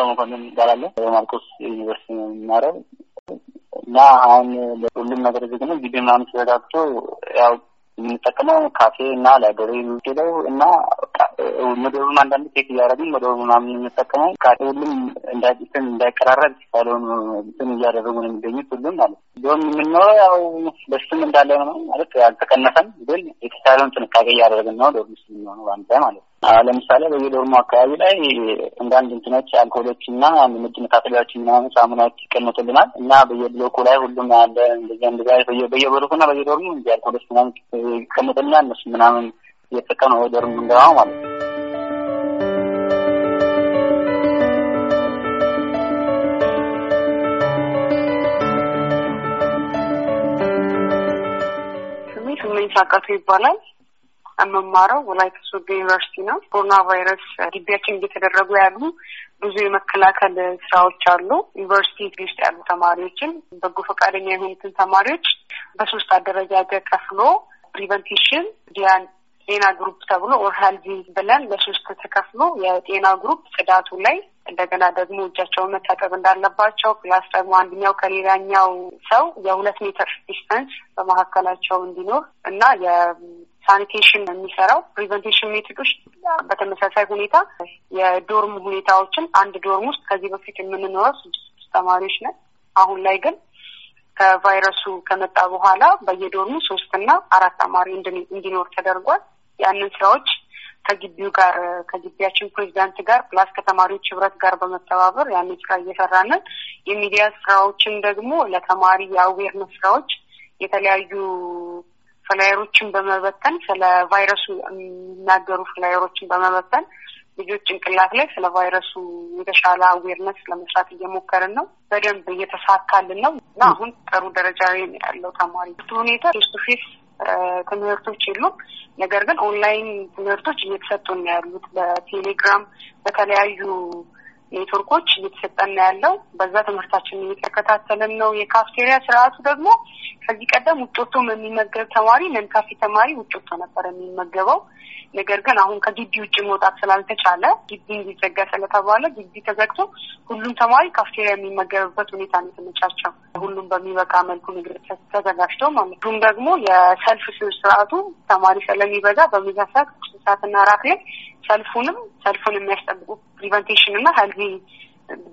ሸዋ መኮንን ይባላል። በማርቆስ ዩኒቨርሲቲ ነው የሚማረው እና አሁን ሁሉም ነገር ዝግ ነው። ግቢ ምናምን ተዘጋግቶ ያው የምንጠቀመው ካፌ እና ላይብረሪ የሚሄደው እና መደቡን አንዳንድ ኬክ እያደረግን መደቡ ምናምን የምንጠቀመው ካቴ ሁሉም እንዳጭትን እንዳይቀራረብ ሲባለውን እንትን እያደረጉ ነው የሚገኙት። ሁሉም ማለት ቢሆን የምንኖረው ያው በሱም እንዳለ ነው ማለት አልተቀነሰም፣ ግን የተቻለውን ጥንቃቄ እያደረግን ነው። ዶርም ውስጥ የምንሆነው በአንድ ላይ ማለት ነው። ለምሳሌ በየዶርሙ አካባቢ ላይ አንዳንድ እንትኖች አልኮሎች እና ምድ መካከሊያዎች ምናምን ሳሙናዎች ይቀመጡልናል እና በየብሎኩ ላይ ሁሉም ያለ እንደዚ እንደዚያ በየብሎኩ እና በየዶርሙ እንዲ አልኮሎች ምናምን ይቀመጡልናል እነሱ ምናምን የተቀን ነው ወደር የምንገባ ማለት ነው። ስምንት ይባላል። የምማረው ወላይታ ሶዶ ዩኒቨርሲቲ ነው። ኮሮና ቫይረስ ግቢያችን እየተደረጉ ያሉ ብዙ የመከላከል ስራዎች አሉ። ዩኒቨርሲቲ ውስጥ ያሉ ተማሪዎችን በጎ ፈቃደኛ የሆኑትን ተማሪዎች በሶስት አደረጃጀት ከፍሎ ፕሪቨንቴሽን፣ ዲያን ጤና ግሩፕ ተብሎ ኦርሃልዚ ብለን ለሶስት ተከፍሎ የጤና ግሩፕ ጽዳቱ ላይ እንደገና ደግሞ እጃቸውን መታጠብ እንዳለባቸው ፕላስ ደግሞ አንደኛው ከሌላኛው ሰው የሁለት ሜትር ዲስተንስ በመካከላቸው እንዲኖር እና የሳኒቴሽን የሚሰራው ፕሪቨንቴሽን ሜትዶች በተመሳሳይ ሁኔታ የዶርም ሁኔታዎችን አንድ ዶርም ውስጥ ከዚህ በፊት የምንኖረው ስድስት ተማሪዎች ነን። አሁን ላይ ግን ከቫይረሱ ከመጣ በኋላ በየዶርሙ ሶስትና አራት ተማሪ እንዲኖር ተደርጓል። ያንን ስራዎች ከግቢው ጋር ከግቢያችን ፕሬዚዳንት ጋር ፕላስ ከተማሪዎች ህብረት ጋር በመተባበር ያንን ስራ እየሰራንን የሚዲያ ስራዎችን ደግሞ ለተማሪ የአዌርነስ ስራዎች የተለያዩ ፍላየሮችን በመበተን ስለ ቫይረሱ የሚናገሩ ፍላየሮችን በመበተን ልጆች ጭንቅላት ላይ ስለ ቫይረሱ የተሻለ አዌርነስ ለመስራት እየሞከርን ነው። በደንብ እየተሳካልን ነው እና አሁን ጥሩ ደረጃ ያለው ተማሪ ሁኔታ ፌስ ቱ ፌስ ትምህርቶች የሉም። ነገር ግን ኦንላይን ትምህርቶች እየተሰጡ ነው ያሉት በቴሌግራም በተለያዩ ኔትወርኮች እየተሰጠና ያለው በዛ ትምህርታችን እየተከታተልን ነው። የካፍቴሪያ ስርዓቱ ደግሞ ከዚህ ቀደም ውጭ የሚመገብ ተማሪ መንካፌ ተማሪ ውጭ ነበር የሚመገበው። ነገር ግን አሁን ከግቢ ውጭ መውጣት ስላልተቻለ ግቢ እንዲዘጋ ስለተባለ ግቢ ተዘግቶ ሁሉም ተማሪ ካፍቴሪያ የሚመገብበት ሁኔታ ነው የተመቻቸው። ሁሉም በሚበቃ መልኩ ምግብ ተዘጋጅቶ ማለት ሁሉም ደግሞ የሰልፍ ስርዓቱ ተማሪ ስለሚበዛ በሚዛሳት ሰዓትና ራት ላይ ሰልፉንም ሰልፉን የሚያስጠብቁ ፕሪቨንቴሽን እና ሄልዝ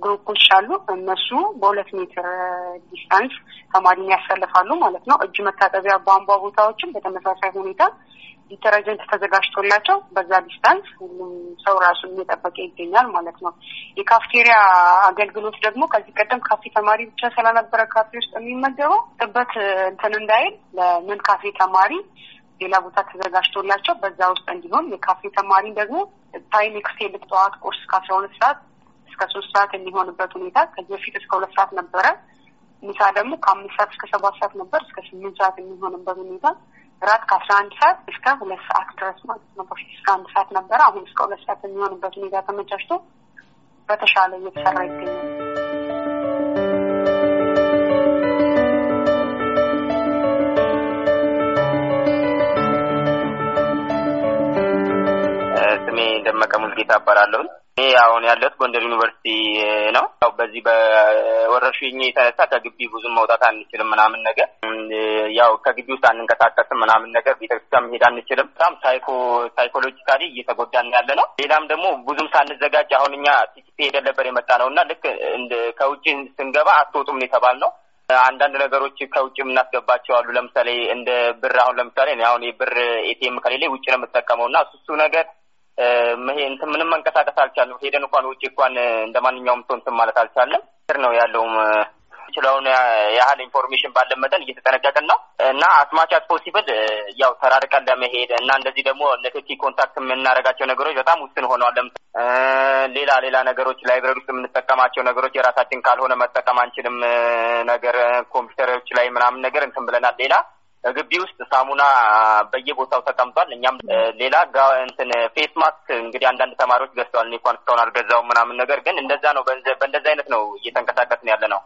ግሩፖች አሉ። እነሱ በሁለት ሜትር ዲስታንስ ተማሪን ያሰልፋሉ ማለት ነው። እጅ መታጠቢያ ቧንቧ ቦታዎችም በተመሳሳይ ሁኔታ ዲተረጀንት ተዘጋጅቶላቸው በዛ ዲስታንስ ሁሉም ሰው ራሱን እየጠበቀ ይገኛል ማለት ነው። የካፍቴሪያ አገልግሎት ደግሞ ከዚህ ቀደም ካፌ ተማሪ ብቻ ስለነበረ ካፌ ውስጥ የሚመገበው ጥበት እንትን እንዳይል ለምን ካፌ ተማሪ ሌላ ቦታ ተዘጋጅቶላቸው በዛ ውስጥ እንዲሆን የካፌ ተማሪ ደግሞ ታይም ኤክስቴንድ ጠዋት ቁርስ ከአስራ ሁለት ሰዓት እስከ ሶስት ሰዓት የሚሆንበት ሁኔታ ከዚህ በፊት እስከ ሁለት ሰዓት ነበረ። ምሳ ደግሞ ከአምስት ሰዓት እስከ ሰባት ሰዓት ነበር፣ እስከ ስምንት ሰዓት የሚሆንበት ሁኔታ። ራት ከአስራ አንድ ሰዓት እስከ ሁለት ሰዓት ድረስ ማለት ነው። በፊት እስከ አንድ ሰዓት ነበረ፣ አሁን እስከ ሁለት ሰዓት የሚሆንበት ሁኔታ ተመቻችቶ በተሻለ እየተሰራ ይገኛል። ስሜ ደመቀ ሙልጌታ እባላለሁ። ይህ አሁን ያለት ጎንደር ዩኒቨርሲቲ ነው። ያው በዚህ በወረርሽኝ የተነሳ ከግቢ ብዙም መውጣት አንችልም ምናምን ነገር ያው ከግቢ ውስጥ አንንቀሳቀስም ምናምን ነገር ቤተክርስቲያን መሄድ አንችልም። በጣም ሳይኮ ሳይኮሎጂካሊ እየተጎዳን ያለ ነው። ሌላም ደግሞ ብዙም ሳንዘጋጅ አሁን እኛ ቲኬት ሄደን ነበር የመጣ ነው እና ልክ ከውጭ ስንገባ አትወጡም የተባል ነው። አንዳንድ ነገሮች ከውጭ የምናስገባቸው አሉ። ለምሳሌ እንደ ብር አሁን ለምሳሌ አሁን የብር ኤቲኤም ከሌለ ውጭ ነው የምጠቀመው እና እሱ ነገር ምንም መንቀሳቀስ አልቻለም። ሄደን እንኳን ውጭ እንኳን እንደ ማንኛውም ሰው እንትን ማለት አልቻለም። ስር ነው ያለውም ችለውን ያህል ኢንፎርሜሽን ባለን መጠን እየተጠነቀቅን ነው እና አስማቻት ፖሲብል ያው ተራርቀን ለመሄድ እና እንደዚህ ደግሞ ነቶች ኮንታክት የምናደርጋቸው ነገሮች በጣም ውስን ሆነዋል። ሌላ ሌላ ነገሮች ላይብረሪ ውስጥ የምንጠቀማቸው ነገሮች የራሳችን ካልሆነ መጠቀም አንችልም። ነገር ኮምፒውተሮች ላይ ምናምን ነገር እንትን ብለናል። ሌላ ግቢ ውስጥ ሳሙና በየቦታው ተቀምጧል። እኛም ሌላ እንትን ፌስ ማስክ እንግዲህ አንዳንድ ተማሪዎች ገዝተዋል። እኔ እንኳን እስካሁን አልገዛውም ምናምን ነገር ግን እንደዛ ነው። በእንደዛ አይነት ነው እየተንቀሳቀስን ያለ ነው።